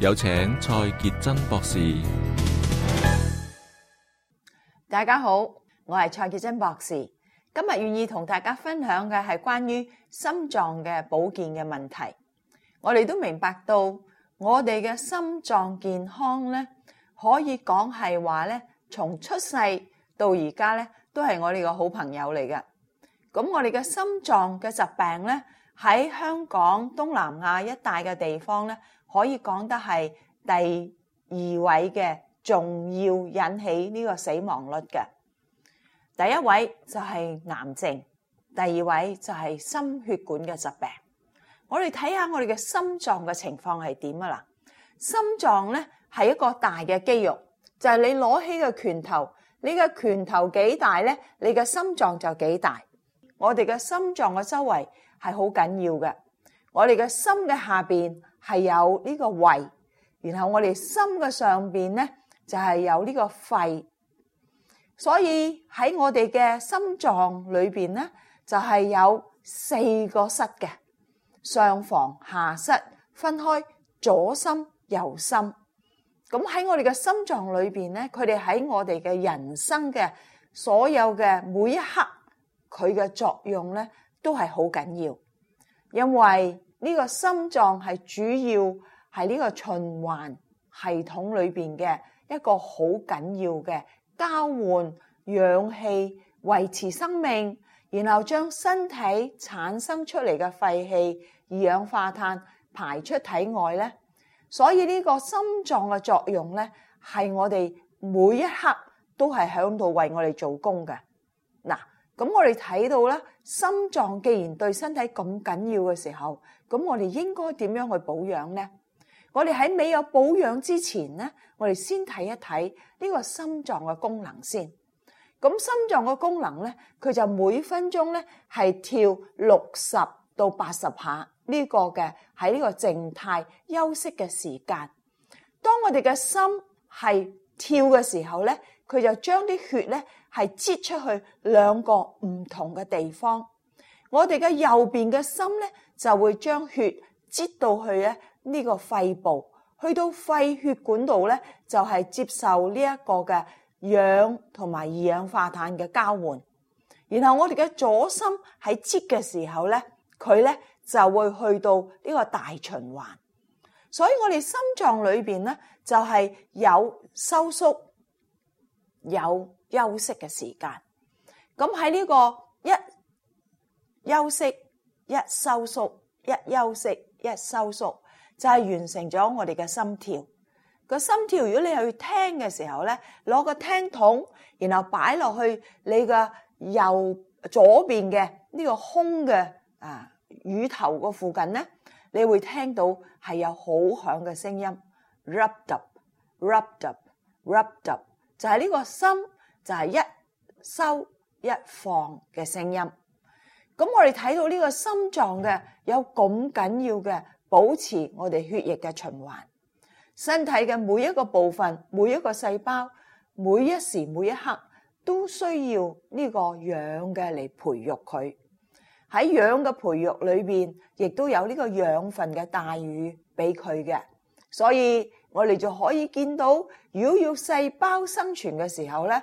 有請蔡潔貞博士。大家好，我係蔡潔貞博士。今日願意同大家分享嘅係關於心臟嘅保健嘅問題。我哋都明白到，我哋嘅心臟健康咧，可以講係話咧，從出世到而家咧，都係我哋個好朋友嚟嘅。咁我哋嘅心臟嘅疾病咧。喺香港、東南亞一帶嘅地方咧，可以講得係第二位嘅重要引起呢個死亡率嘅。第一位就係癌症，第二位就係心血管嘅疾病。我哋睇下我哋嘅心臟嘅情況係點啊？啦，心臟咧係一個大嘅肌肉，就係你攞起個拳頭，你嘅拳頭幾大咧，你嘅心臟就幾大。我哋嘅心臟嘅周圍。係好緊要嘅，我哋嘅心嘅下邊係有呢個胃，然後我哋心嘅上邊呢就係有呢個肺，所以喺我哋嘅心臟裏邊呢就係有四個室嘅上房下室分開左心右心，咁喺我哋嘅心臟裏邊呢，佢哋喺我哋嘅人生嘅所有嘅每一刻，佢嘅作用呢。都係好緊要，因為呢個心臟係主要喺呢個循環系統裏邊嘅一個好緊要嘅交換氧氣，維持生命，然後將身體產生出嚟嘅廢氣二氧化碳排出體外咧。所以呢個心臟嘅作用咧，係我哋每一刻都係響度為我哋做工嘅嗱。咁我哋睇到咧，心臟既然對身體咁緊要嘅時候，咁我哋應該點樣去保養呢？我哋喺未有保養之前呢，我哋先睇一睇呢個心臟嘅功能先。咁心臟嘅功能呢，佢就每分鐘呢係跳六十到八十下，呢個嘅喺呢個靜態休息嘅時間。當我哋嘅心係跳嘅時候呢，佢就將啲血呢。係擠出去兩個唔同嘅地方，我哋嘅右邊嘅心咧就會將血擠到去咧呢個肺部，去到肺血管度咧就係接受呢一個嘅氧同埋二氧化碳嘅交換，然後我哋嘅左心喺擠嘅時候咧，佢咧就會去到呢個大循環，所以我哋心臟裏邊咧就係有收縮有。休息嘅時間，咁喺呢個一休息一收縮一休息一收縮，就係完成咗我哋嘅心跳。個心跳如果你去聽嘅時候咧，攞個聽筒，然後擺落去你嘅右左邊嘅呢個胸嘅啊，乳頭個附近咧，你會聽到係有好響嘅聲音。Rub up, rub up, rub up，就係呢個心。就係一收一放嘅聲音。咁我哋睇到呢個心臟嘅有咁緊要嘅，保持我哋血液嘅循環。身體嘅每一個部分、每一個細胞、每一時每一刻都需要呢個氧嘅嚟培育佢，喺氧嘅培育裏面亦都有呢個養分嘅大雨俾佢嘅。所以我哋就可以見到，如果要細胞生存嘅時候咧。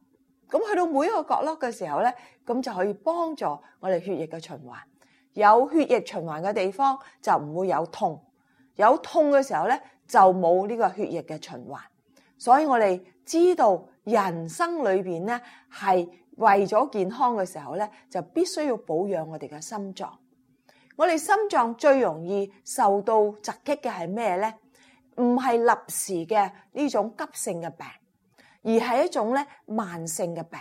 咁去到每一個角落嘅時候咧，咁就可以幫助我哋血液嘅循環。有血液循環嘅地方就唔會有痛，有痛嘅時候咧就冇呢個血液嘅循環。所以我哋知道人生裏邊咧係為咗健康嘅時候咧，就必須要保養我哋嘅心臟。我哋心臟最容易受到襲擊嘅係咩咧？唔係立時嘅呢種急性嘅病。而係一種咧慢性嘅病，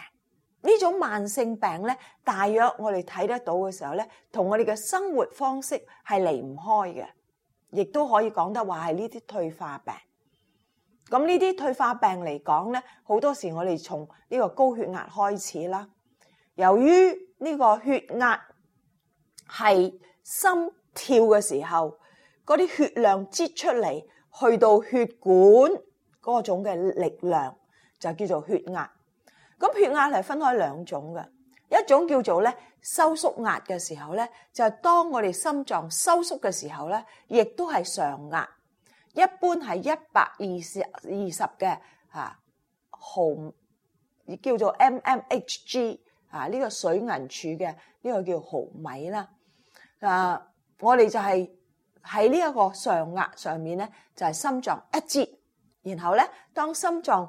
呢種慢性病咧，大約我哋睇得到嘅時候咧，同我哋嘅生活方式係離唔開嘅，亦都可以講得話係呢啲退化病。咁呢啲退化病嚟講咧，好多時我哋從呢個高血壓開始啦。由於呢個血壓係心跳嘅時候，嗰啲血量擠出嚟去到血管嗰種嘅力量。就叫做血壓，咁血壓係分開兩種嘅，一種叫做咧收縮壓嘅時候咧，就係當我哋心臟收縮嘅時候咧，亦都係上壓，一般係一百二十二十嘅嚇毫，亦叫做 mmHg 啊，呢個水銀柱嘅呢個叫毫米啦。啊，我哋就係喺呢一個上壓上面咧，就係心臟一節，然後咧，當心臟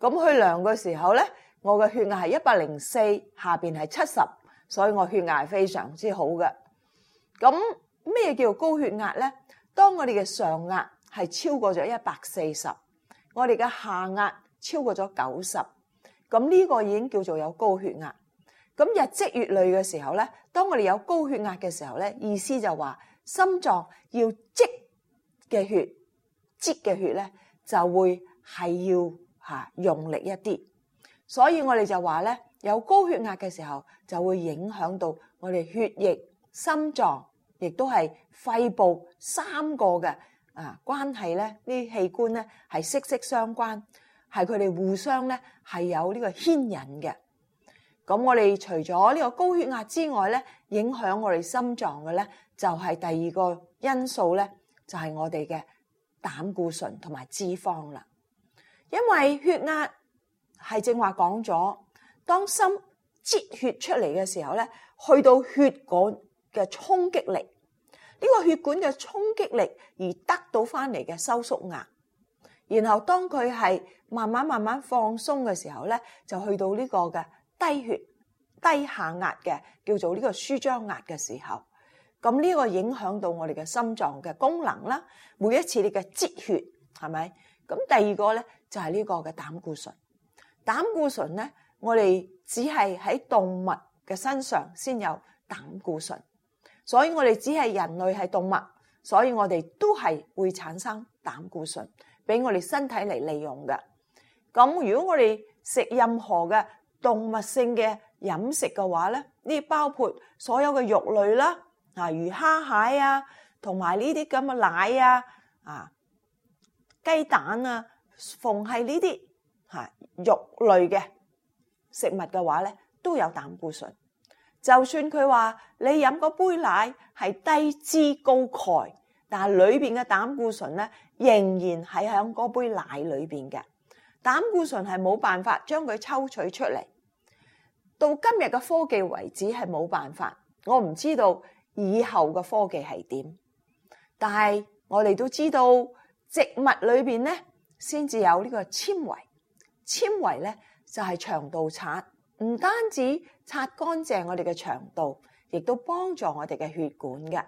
咁去量嘅時候呢，我嘅血壓係一百零四，下邊係七十，所以我血壓非常之好嘅。咁咩叫做高血壓呢？當我哋嘅上壓係超過咗一百四十，我哋嘅下壓超過咗九十，咁呢個已經叫做有高血壓。咁日積月累嘅時候呢，當我哋有高血壓嘅時候呢，意思就話心臟要積嘅血，積嘅血呢就會係要，用力一啲，所以我哋就話咧，有高血壓嘅時候，就會影響到我哋血液、心臟，亦都係肺部三個嘅啊關係咧，呢啲器官咧係息息相關，係佢哋互相咧係有呢個牽引嘅。咁我哋除咗呢個高血壓之外咧，影響我哋心臟嘅咧，就係第二個因素咧，就係我哋嘅膽固醇同埋脂肪啦。因為血壓係正話講咗，當心積血出嚟嘅時候咧，去到血管嘅衝擊力，呢個血管嘅衝擊力而得到翻嚟嘅收縮壓，然後當佢係慢慢慢慢放鬆嘅時候咧，就去到呢個嘅低血低下壓嘅，叫做呢個舒張壓嘅時候，咁呢個影響到我哋嘅心臟嘅功能啦。每一次你嘅積血係咪？咁第二個咧。就係、是、呢個嘅膽固醇，膽固醇呢，我哋只係喺動物嘅身上先有膽固醇，所以我哋只係人類係動物，所以我哋都係會產生膽固醇，俾我哋身體嚟利用嘅。咁如果我哋食任何嘅動物性嘅飲食嘅話呢，包括所有嘅肉類啦、啊，啊魚蝦蟹啊，同埋呢啲咁嘅奶啊，啊雞蛋啊。逢係呢啲肉類嘅食物嘅話咧，都有膽固醇。就算佢話你飲嗰杯奶係低脂高鈣，但係裏面嘅膽固醇咧，仍然係喺嗰杯奶裏面嘅。膽固醇係冇辦法將佢抽取出嚟。到今日嘅科技為止係冇辦法，我唔知道以後嘅科技係點，但係我哋都知道植物裏面咧，先至有呢個纖維，纖維咧就係腸道刷，唔單止刷乾淨我哋嘅腸道，亦都幫助我哋嘅血管嘅。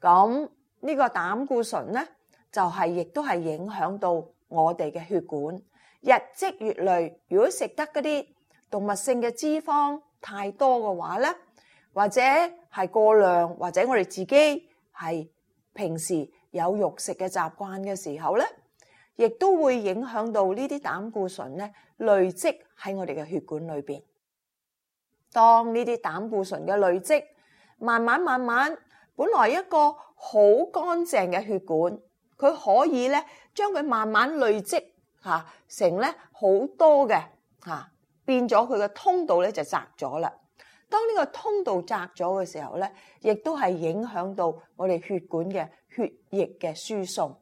咁呢個膽固醇咧，就係亦都係影響到我哋嘅血管。日積月累，如果食得嗰啲動物性嘅脂肪太多嘅話咧，或者係過量，或者我哋自己係平時有肉食嘅習慣嘅時候咧。亦都會影響到呢啲膽固醇咧累積喺我哋嘅血管裏邊。當呢啲膽固醇嘅累積慢慢慢慢，本來一個好乾淨嘅血管，佢可以咧將佢慢慢累積吓成咧好多嘅吓，變咗佢嘅通道咧就窄咗啦。當呢個通道窄咗嘅時候咧，亦都係影響到我哋血管嘅血液嘅輸送。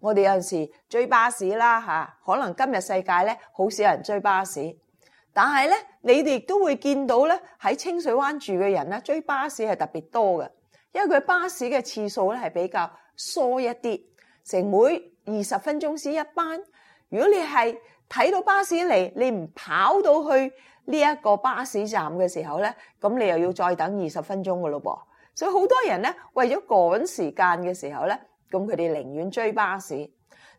我哋有陣時追巴士啦嚇，可能今日世界咧好少人追巴士，但係咧你哋都會見到咧喺清水灣住嘅人咧追巴士係特別多嘅，因為佢巴士嘅次數咧係比較疏一啲，成每二十分鐘先一班。如果你係睇到巴士嚟，你唔跑到去呢一個巴士站嘅時候咧，咁你又要再等二十分鐘㗎咯噃，所以好多人咧為咗趕時間嘅時候咧。咁佢哋寧願追巴士。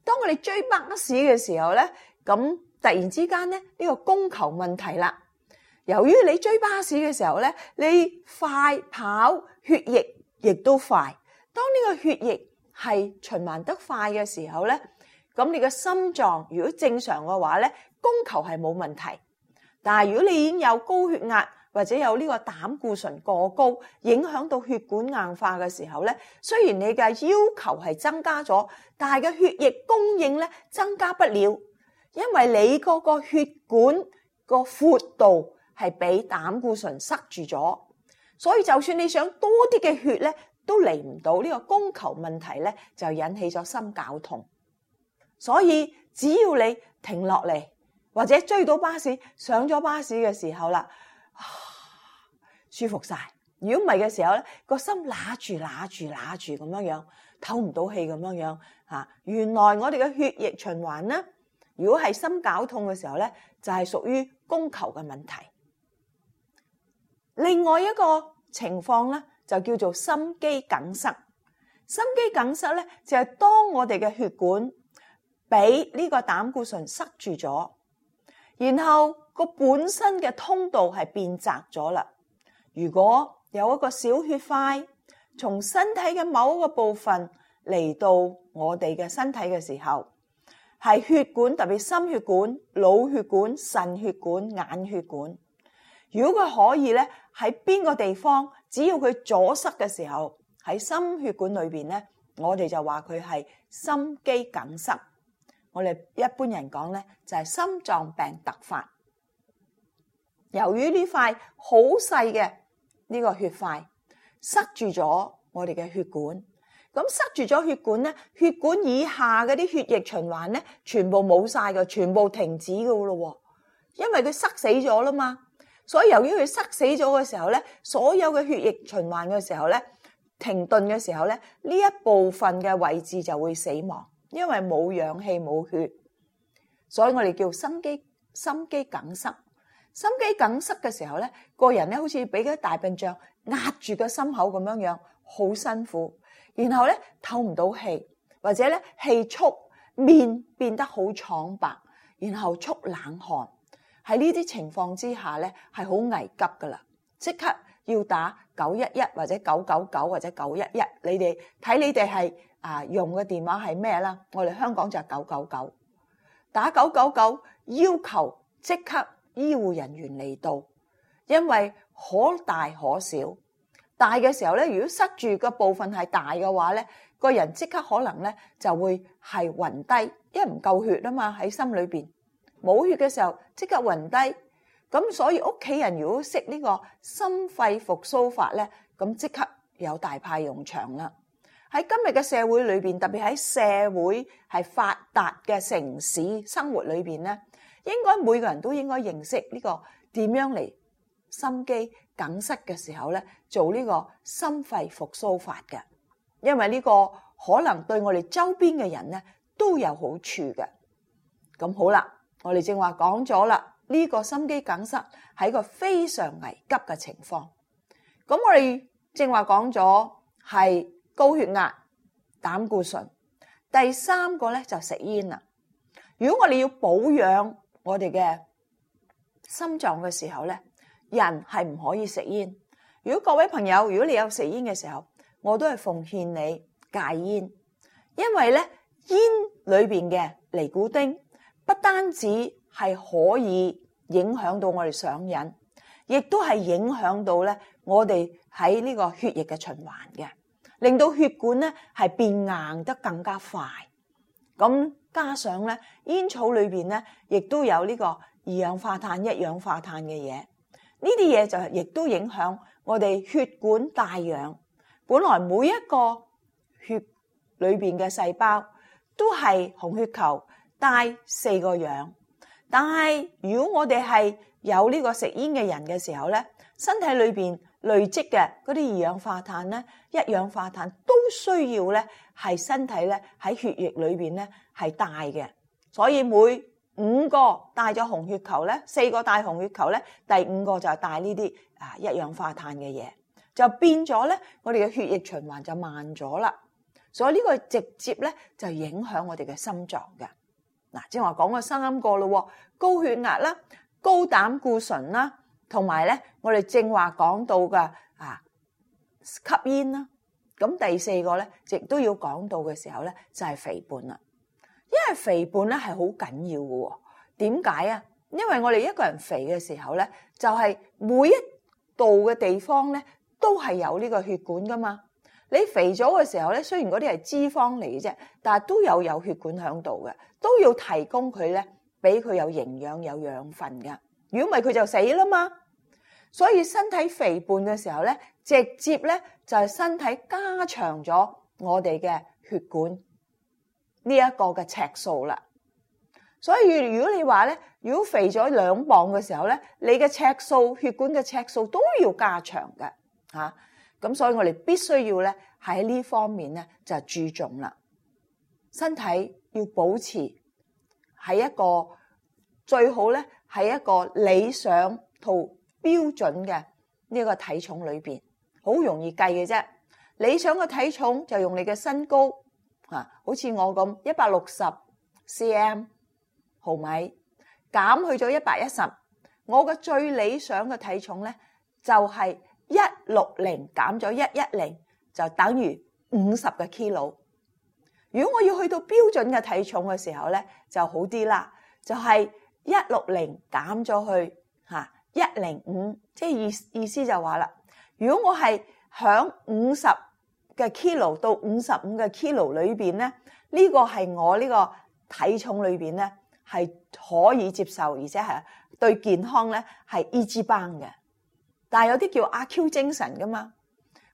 當我哋追巴士嘅時候咧，咁突然之間咧，呢個供求問題啦。由於你追巴士嘅時候咧，你快跑，血液亦都快。當呢個血液係循環得快嘅時候咧，咁你個心臟如果正常嘅話咧，供求係冇問題。但係如果你已經有高血壓，或者有呢個膽固醇過高，影響到血管硬化嘅時候咧，雖然你嘅要求係增加咗，但係個血液供應咧增加不了，因為你嗰個血管個闊度係俾膽固醇塞住咗，所以就算你想多啲嘅血咧，都嚟唔到。呢個供求問題咧，就引起咗心絞痛。所以只要你停落嚟，或者追到巴士，上咗巴士嘅時候啦。舒服晒、啊，如果唔係嘅時候咧，個心攔住攔住攔住咁樣樣，透唔到氣咁樣樣吓。原來我哋嘅血液循環咧，如果係心絞痛嘅時候咧，就係屬於供求嘅問題。另外一個情況咧，就叫做心肌梗塞。心肌梗塞咧，就係、是、當我哋嘅血管俾呢個膽固醇塞住咗，然後個本身嘅通道係變窄咗啦。如果有一個小血塊從身體嘅某一個部分嚟到我哋嘅身體嘅時候，係血管特別心血管、腦血管、腎血管、眼血管。如果佢可以咧，喺邊個地方，只要佢阻塞嘅時候，喺心血管裏面咧，我哋就話佢係心肌梗塞。我哋一般人講咧，就係心臟病突發。由於呢塊好細嘅呢個血塊塞住咗我哋嘅血管，咁塞住咗血管呢，血管以下嗰啲血液循環呢，全部冇晒嘅，全部停止嘅咯喎，因為佢塞死咗啦嘛。所以由於佢塞死咗嘅時候呢，所有嘅血液循環嘅時候呢，停頓嘅時候呢，呢一部分嘅位置就會死亡，因為冇氧氣、冇血，所以我哋叫心肌心肌梗塞。心肌梗塞嘅時候咧，個人咧好似俾嗰啲大笨象壓住個心口咁樣樣，好辛苦。然後咧透唔到氣，或者咧氣促，面變得好蒼白，然後出冷汗。喺呢啲情況之下咧，係好危急噶啦，即刻要打九一一或者九九九或者九一一。你哋睇你哋係啊用嘅電話係咩啦？我哋香港就係九九九，打九九九要求即刻。醫護人員嚟到，因為可大可小，大嘅時候咧，如果塞住個部分係大嘅話咧，個人即刻可能咧就會係暈低，因為唔夠血啊嘛，喺心裏邊冇血嘅時候即刻暈低，咁所以屋企人如果識呢個心肺復甦法咧，咁即刻有大派用場啦。喺今日嘅社會裏邊，特別喺社會係發達嘅城市生活裏邊咧。應該每個人都應該認識呢個點樣嚟心肌梗塞嘅時候咧，做呢個心肺復甦法嘅，因為呢個可能對我哋周邊嘅人咧都有好處嘅。咁好啦，我哋正話講咗啦，呢個心肌梗塞係一個非常危急嘅情況。咁我哋正話講咗係高血壓、膽固醇，第三個咧就食煙啦。如果我哋要保養。我哋嘅心臟嘅時候咧，人係唔可以食煙。如果各位朋友，如果你有食煙嘅時候，我都係奉勸你戒煙，因為咧煙裏邊嘅尼古丁不單止係可以影響到我哋上癮，亦都係影響到咧我哋喺呢個血液嘅循環嘅，令到血管咧係變硬得更加快。咁。加上咧，煙草裏邊咧，亦都有呢個二氧化碳、一氧化碳嘅嘢，呢啲嘢就係亦都影響我哋血管帶氧。本來每一個血裏邊嘅細胞都係紅血球帶四個氧，但係如果我哋係有呢個食煙嘅人嘅時候咧，身體裏邊，累積嘅嗰啲二氧化碳咧，一氧化碳都需要咧，係身體咧喺血液裏邊咧係帶嘅。所以每五個帶咗紅血球咧，四個帶紅血球咧，第五個就帶呢啲啊一氧化碳嘅嘢，就變咗咧，我哋嘅血液循環就慢咗啦。所以呢個直接咧就影響我哋嘅心臟嘅。嗱，正話講咗三個咯，高血壓啦，高膽固醇啦。同埋咧，我哋正話講到嘅啊，吸煙啦。咁第四個咧，亦都要講到嘅時候咧，就係肥胖啦。因為肥胖咧係好緊要嘅喎。點解啊？因為我哋一個人肥嘅時候咧，就係每一度嘅地方咧，都係有呢個血管噶嘛。你肥咗嘅時候咧，雖然嗰啲係脂肪嚟嘅啫，但係都有有血管響度嘅，都要提供佢咧，俾佢有營養有養分嘅。如果唔係佢就死啦嘛，所以身體肥胖嘅時候咧，直接咧就係身體加長咗我哋嘅血管呢一個嘅尺數啦。所以如果你話咧，如果肥咗兩磅嘅時候咧，你嘅尺數、血管嘅尺數都要加長嘅吓。咁所以我哋必須要咧喺呢方面咧就注重啦，身體要保持喺一個最好咧。喺一個理想同標準嘅呢個個體重裏面，好容易計嘅啫。理想嘅體重就用你嘅身高啊，好似我咁一百六十 cm 毫米減去咗一百一十，我嘅最理想嘅體重呢，就係一六零減咗一一零，就等於五十嘅 kilo。如果我要去到標準嘅體重嘅時候呢，就好啲啦，就係、是。一六零減咗去嚇一零五，即係意思意思就話、是、啦。如果我係響五十嘅 kilo 到五十五嘅 kilo 裏邊咧，呢、這個係我呢個體重裏邊咧係可以接受，而且係對健康咧係一級棒嘅。但係有啲叫阿 Q 精神噶嘛，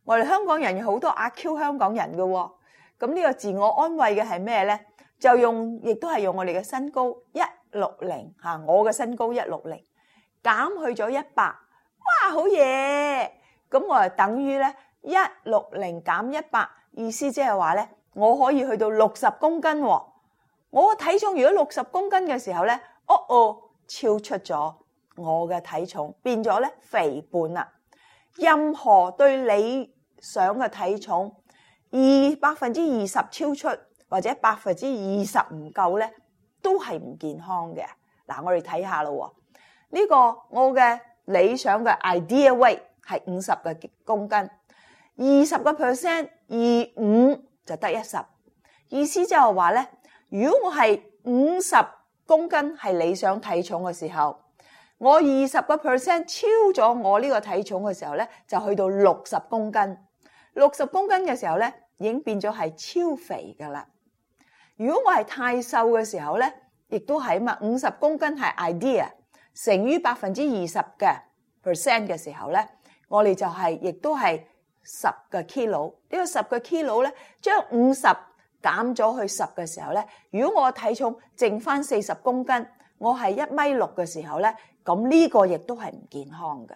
我哋香港人有好多阿 Q 香港人嘅咁呢個自我安慰嘅係咩咧？就用亦都係用我哋嘅身高一。1, 六零嚇，我嘅身高一六零，減去咗一百，哇好嘢！咁我就等於咧一六零減一百，意思即係話咧，我可以去到六十公斤喎。我嘅體重如果六十公斤嘅時候咧，哦哦，超出咗我嘅體重，變咗咧肥胖啦。任何對理想嘅體重二百分之二十超出，或者百分之二十唔夠咧。都係唔健康嘅。嗱，我哋睇下咯。呢、這個我嘅理想嘅 ideal weight 係五十嘅公斤，二十個 percent 二五就得一十。意思就係話咧，如果我係五十公斤係理想體重嘅時候，我二十個 percent 超咗我呢個體重嘅時候咧，就去到六十公斤。六十公斤嘅時候咧，已經變咗係超肥噶啦。如果我係太瘦嘅時候呢，亦都係啊嘛，五十公斤係 idea 乘於百分之二十嘅 percent 嘅時候呢，我哋就係亦都係十個 kilo，個個 kilo 呢。呢個十個 kilo 咧，將五十減咗去十嘅時候呢，如果我體重剩翻四十公斤，我係一米六嘅時候呢，咁、這、呢個亦都係唔健康嘅。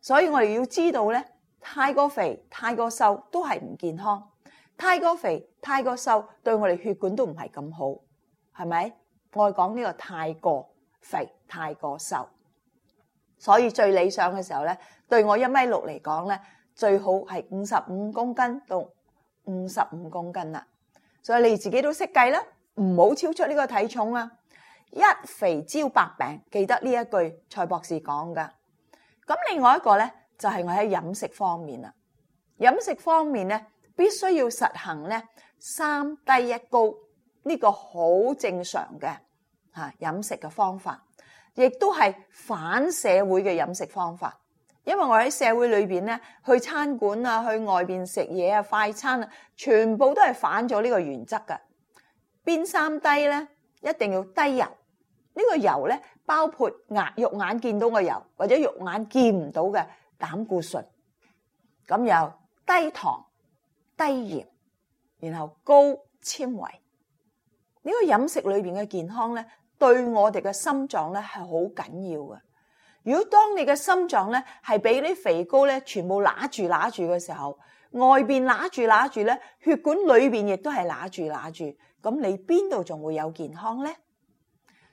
所以我哋要知道呢，太過肥、太過瘦都係唔健康。太過肥、太過瘦，對我哋血管都唔係咁好，係咪？我講呢個太過肥、太過瘦，所以最理想嘅時候呢，對我一米六嚟講呢，最好係五十五公斤到五十五公斤啦。所以你自己都識計啦，唔好超出呢個體重啊！一肥招百病，記得呢一句，蔡博士講噶。咁另外一個呢，就係我喺飲食方面啦，飲食方面呢。必須要實行咧三低一高呢個好正常嘅飲食嘅方法，亦都係反社會嘅飲食方法。因為我喺社會裏面咧，去餐館啊，去外面食嘢啊，快餐啊，全部都係反咗呢個原則㗎。邊三低咧，一定要低油，呢個油咧，包括肉眼見到嘅油，或者肉眼見唔到嘅膽固醇咁，又低糖。低鹽，然後高纖維。呢個飲食裏邊嘅健康咧，對我哋嘅心臟咧係好緊要嘅。如果當你嘅心臟咧係俾啲肥膏咧全部拿住拿住嘅時候，外邊拿住拿住咧，血管裏邊亦都係拿住拿住，咁你邊度仲會有健康咧？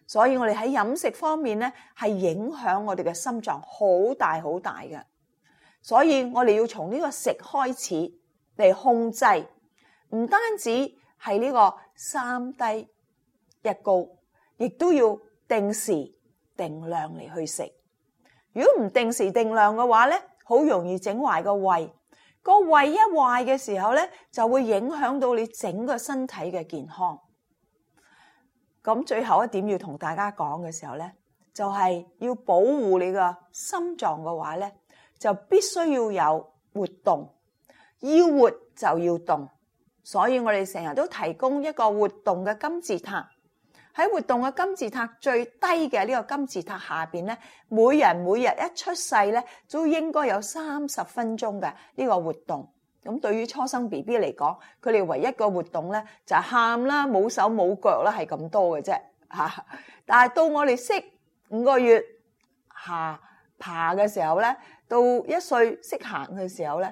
所以我哋喺飲食方面咧係影響我哋嘅心臟好大好大嘅，所以我哋要從呢個食開始。嚟控制，唔單止係呢個三低一高，亦都要定時定量嚟去食。如果唔定時定量嘅話咧，好容易整壞個胃。個胃一壞嘅時候咧，就會影響到你整個身體嘅健康。咁最後一點要同大家講嘅時候咧，就係要保護你個心臟嘅話咧，就必須要有活動。，要活就要動，所以我哋成日都提供一個活動嘅金字塔。喺活動嘅金字塔最低嘅呢個金字塔下面呢，每人每日一出世呢，都應該有三十分鐘嘅呢個活動。咁對於初生 BB 嚟講，佢哋唯一個活動呢，就係喊啦，冇手冇腳啦，係咁多嘅啫吓。但係到我哋識五個月下爬嘅時候呢，到一歲識行嘅時候呢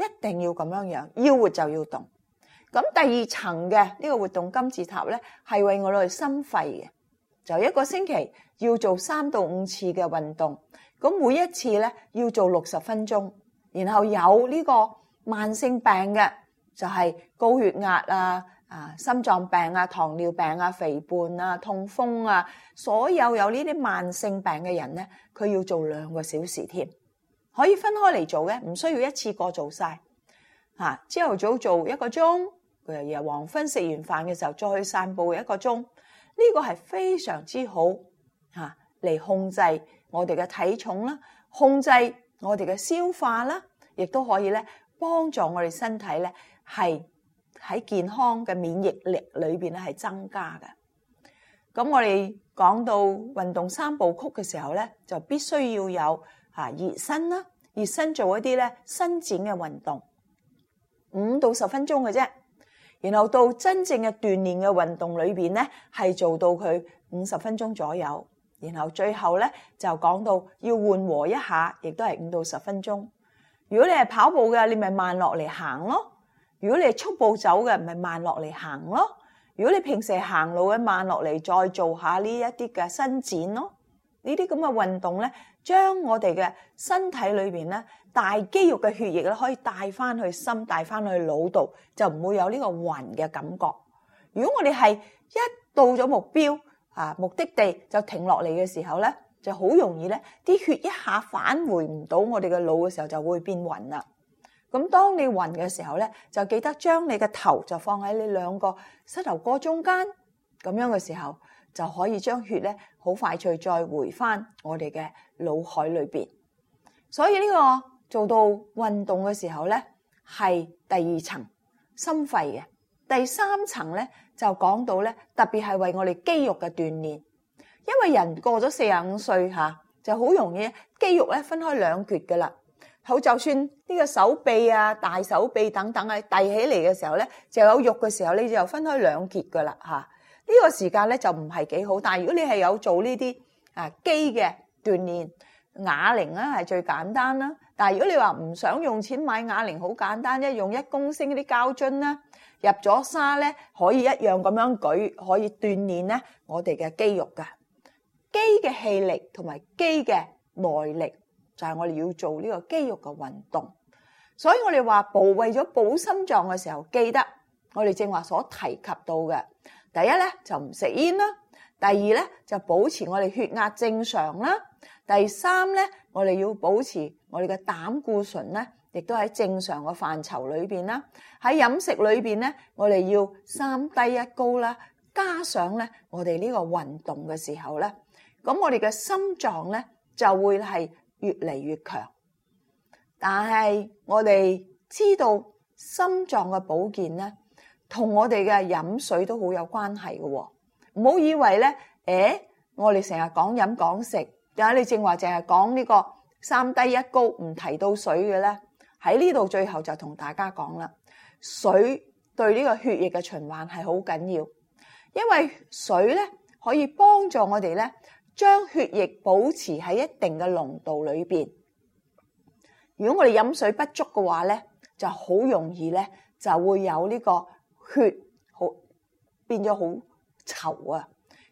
一定要咁樣樣，要活就要動。咁第二層嘅呢個活動金字塔咧，係為我哋心肺嘅，就一個星期要做三到五次嘅運動。咁每一次咧要做六十分鐘，然後有呢個慢性病嘅，就係高血壓啊、啊心臟病啊、糖尿病啊、肥胖啊、痛風啊，所有有呢啲慢性病嘅人咧，佢要做兩個小時添。可以分開嚟做嘅，唔需要一次過做晒吓。朝頭早做一個鐘，日黃昏食完飯嘅時候再去散步一個鐘，呢個係非常之好吓，嚟控制我哋嘅體重啦，控制我哋嘅消化啦，亦都可以咧幫助我哋身體咧係喺健康嘅免疫力裏邊咧係增加嘅。咁我哋講到運動三步曲嘅時候咧，就必須要有。啊，熱身啦，熱身做一啲咧伸展嘅運動，五到十分鐘嘅啫。然後到真正嘅鍛煉嘅運動裏面呢，咧，係做到佢五十分鐘左右。然後最後咧就講到要緩和一下，亦都係五到十分鐘。如果你係跑步嘅，你咪慢落嚟行咯；如果你係速步走嘅，咪慢落嚟行咯。如果你平時行路嘅，慢落嚟再做下呢一啲嘅伸展咯。呢啲咁嘅運動咧，將我哋嘅身體裏邊咧大肌肉嘅血液咧，可以帶翻去心，帶翻去腦度，就唔會有呢個暈嘅感覺。如果我哋係一到咗目標啊目的地就停落嚟嘅時候咧，就好容易咧啲血一下返回唔到我哋嘅腦嘅時候就會變暈啦。咁當你暈嘅時候咧，就記得將你嘅頭就放喺你兩個膝頭哥中間咁樣嘅時候。就可以將血咧好快脆再回翻我哋嘅腦海裏邊，所以呢個做到運動嘅時候咧，係第二層心肺嘅。第三層咧就講到咧，特別係為我哋肌肉嘅鍛煉，因為人過咗四十五歲嚇，就好容易肌肉咧分開兩橛噶啦。好，就算呢個手臂啊、大手臂等等啊遞起嚟嘅時候咧，就有肉嘅時候，你就分開兩橛噶啦嚇。呢個時間咧就唔係幾好，但係如果你係有做呢啲啊肌嘅鍛鍊，啞鈴咧係最簡單啦。但係如果你話唔想用錢買啞鈴，好簡單啫，用一公升嗰啲膠樽咧入咗沙咧，可以一樣咁樣舉，可以鍛鍊咧我哋嘅肌肉嘅肌嘅氣力同埋肌嘅耐力，就係我哋要做呢個肌肉嘅運動。所以我哋話補為咗補心臟嘅時候，記得我哋正話所提及到嘅。第一咧就唔食煙啦，第二咧就保持我哋血壓正常啦，第三咧我哋要保持我哋嘅膽固醇咧，亦都喺正常嘅範疇裏邊啦。喺飲食裏邊咧，我哋要三低一高啦，加上咧我哋呢個運動嘅時候咧，咁我哋嘅心臟咧就會係越嚟越強。但係我哋知道心臟嘅保健咧。同我哋嘅飲水都好有關係嘅喎，唔好以為咧，誒、哎，我哋成日講飲講食，啊，你正話淨係講呢個三低一高，唔提到水嘅咧，喺呢度最後就同大家講啦，水對呢個血液嘅循環係好緊要，因為水咧可以幫助我哋咧將血液保持喺一定嘅濃度裏面。如果我哋飲水不足嘅話咧，就好容易咧就會有呢、呢個。血好變咗好稠啊！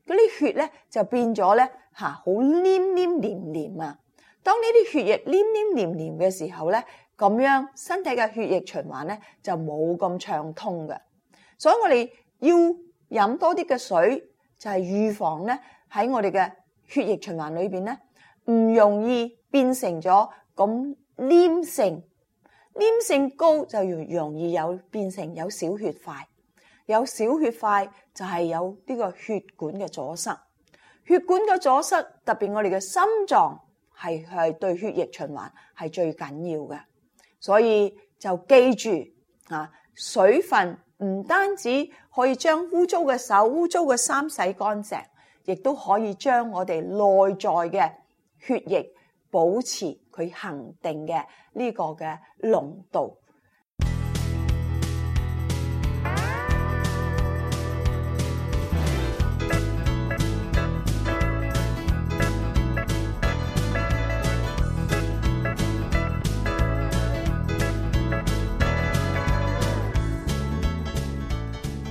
啲血咧就變咗咧吓好黏黏黏黏啊！當呢啲血液黏黏黏黏嘅時候咧，咁樣身體嘅血液循環咧就冇咁暢通嘅，所以我哋要飲多啲嘅水，就係預防咧喺我哋嘅血液循環裏邊咧唔容易變成咗咁黏性，黏性高就容容易有變成有小血塊。有小血塊就係有呢個血管嘅阻塞，血管嘅阻塞特別我哋嘅心臟係係對血液循環係最緊要嘅，所以就記住啊，水分唔單止可以將污糟嘅手、污糟嘅衫洗乾淨，亦都可以將我哋內在嘅血液保持佢恆定嘅呢個嘅濃度。